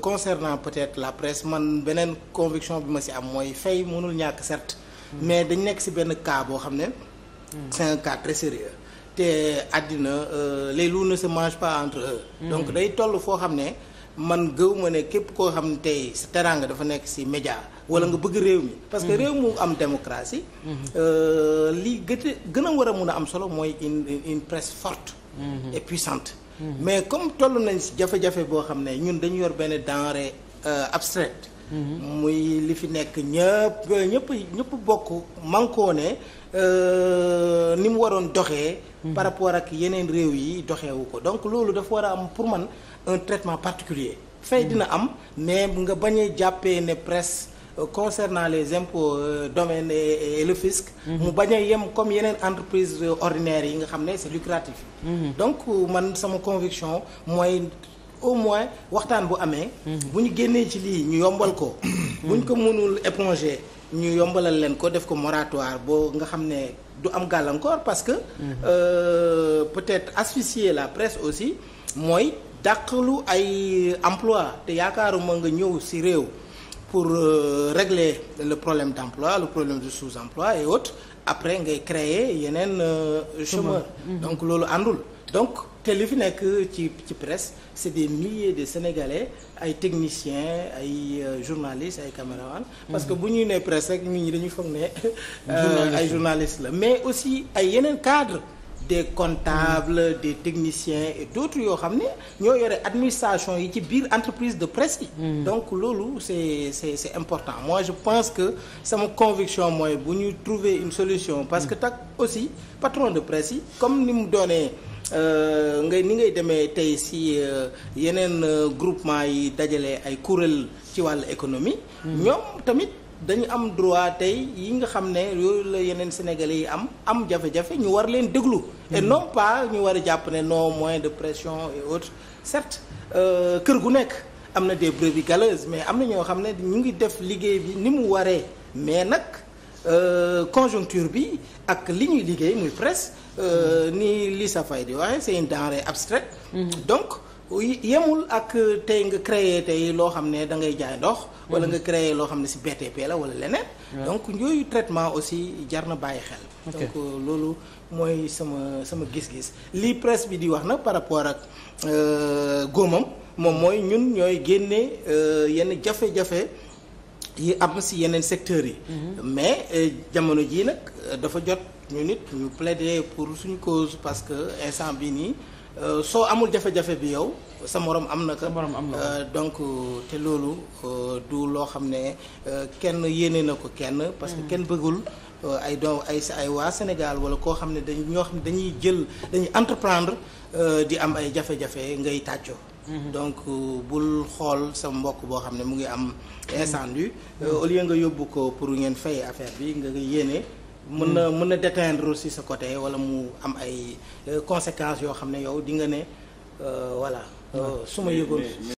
concernant peut-être la presse man beneen conviction bi ma ci am mooy fay mënul ñàkk certes mais dañ nekk ci benn cas boo xam ne c'est un cas très sérieux te àddina euh, les loups ne se mangent pas entre eux mm. donc day toll foo xam ne man gëwuma ne képp koo xam ne tey sa teraanga dafa nekk ci média wala nga bëgg réew mi parce que mm-hmm. réew mu am démocratie mm-hmm. euh, li gëte gën a war a mun a am solo mooy une une presse forte mm-hmm. et puissante Mm-hmm. mais comme tollu nañ si jafe-jafe boo xam ne ñun dañu yor benn denrée euh, abstraite. Mm-hmm. muy li fi nekk ñëpp ñëpp ñëpp bokk mànkoo ne euh, ni mu waroon doxee. Mm-hmm. par rapport ak yeneen réew yi doxewu ko donc loolu dafa war a am pour man un traitement particulier fay dina am mais nga bañ jàppee ne presse. concernant les impôts euh, domaines et le fisc mu bañ a yem comme yeneen entreprise euh, ordinaire yi nga xam ne c'est lucratif mhm. donc euh, man sama conviction mooy au moins waxtaan bu amee mhm. bu ñu génnee ci lii ñu yombal ko mhm. bu ñu ko mënul éponger ñu yombalal leen ko def ko moratoire boo nga xam ne du am gàllankoor parce que euh, peut-être asphyxier la presse aussi mooy dàqalu ay emploi te yaakaaruma nga ñëw si réew pour euh, régler le problème d'emploi le problème de sous-emploi et autres après ngay créer yeneen euh, chômeur mhm. donc loolu àndul donc te li fi nekk ci ci presse c'est des milliers de sénégalais ay techniciens ay euh, journalistes ay caméramans parce que mhm. bu ñuy nee presse rek ñi dañuy foog ne euh, ay journalistes la mais aussi ay yeneen cadre des comptables des technicien et d'autres yoo xam ne ñoo yore administration yi ci biir entreprise de presse yi hmm. donc loolu c'est c'est c'est important moi je pense que sama conviction mooy bu ñu trouver une solution parce que hmm. tak aussi patron de presse yi comme ni mu doonee euh, ngay ni ngay demee tey si euh, yeneen euh, groupement yi dajale ay kuréel ci wàllu économie hmm. ñoom tamit dañu am droit tey yi nga xam ne yooyu la yeneen sénégalais yi am am jafe-jafe ñu war leen déglu. et mm. non pas ñu war a jàpp ne non moyen de pression et autres certes euh, kër gu nekk am na des brebis galeuses mais am na ñoo xam ne ñu ngi def liggéey bi ni mu waree mais nag euh, conjoncture bi ak li ñuy liggéey muy presse euh, ni li sa fay di waxee c'est une denrée abstraite mm. donc yemul ak euh, tey nga créer tey loo xam ne da ngay jaay ndox. wala mm-hmm. nga créer loo xam ne si BTP la wala leneen. donc yooyu traitement aussi jar na bàyyi xel. donc euh, loolu mooy sama sama gis-gis. lii presse bi di wax na par rapport ak euh, góomam moom mooy ñun ñooy génne yenn jafe-jafe yi am si yeneen secteurs yi. Mm-hmm. mais jamono jii nag dafa jot ñu nit ñu plaider pour suñu cause parce que instant bi nii. Euh, soo amul jafe-jafe bi yow sa morom am na ka euh, donc te loolu euh, du loo xam ne kenn yéene na ko kenn parce que mm. kenn bëggul ay do ay ay waa Sénégal wala koo xam ne dañ ñoo xam ne dañuy jël dañuy entreprendre di am ay jafe-jafe ngay tàccoo mm-hmm. donc bul xool sa mbokk boo xam ne mu ngi am mm. incendie au lieu nga yóbbu ko pour ngeen fay affaire bi nga yéene mën na hmm. mën na déteindre aussi sa côté wala mu am ay euh, conséquences yoo xam ne yow di nga ne euh, voilà euh, su ma yëgoon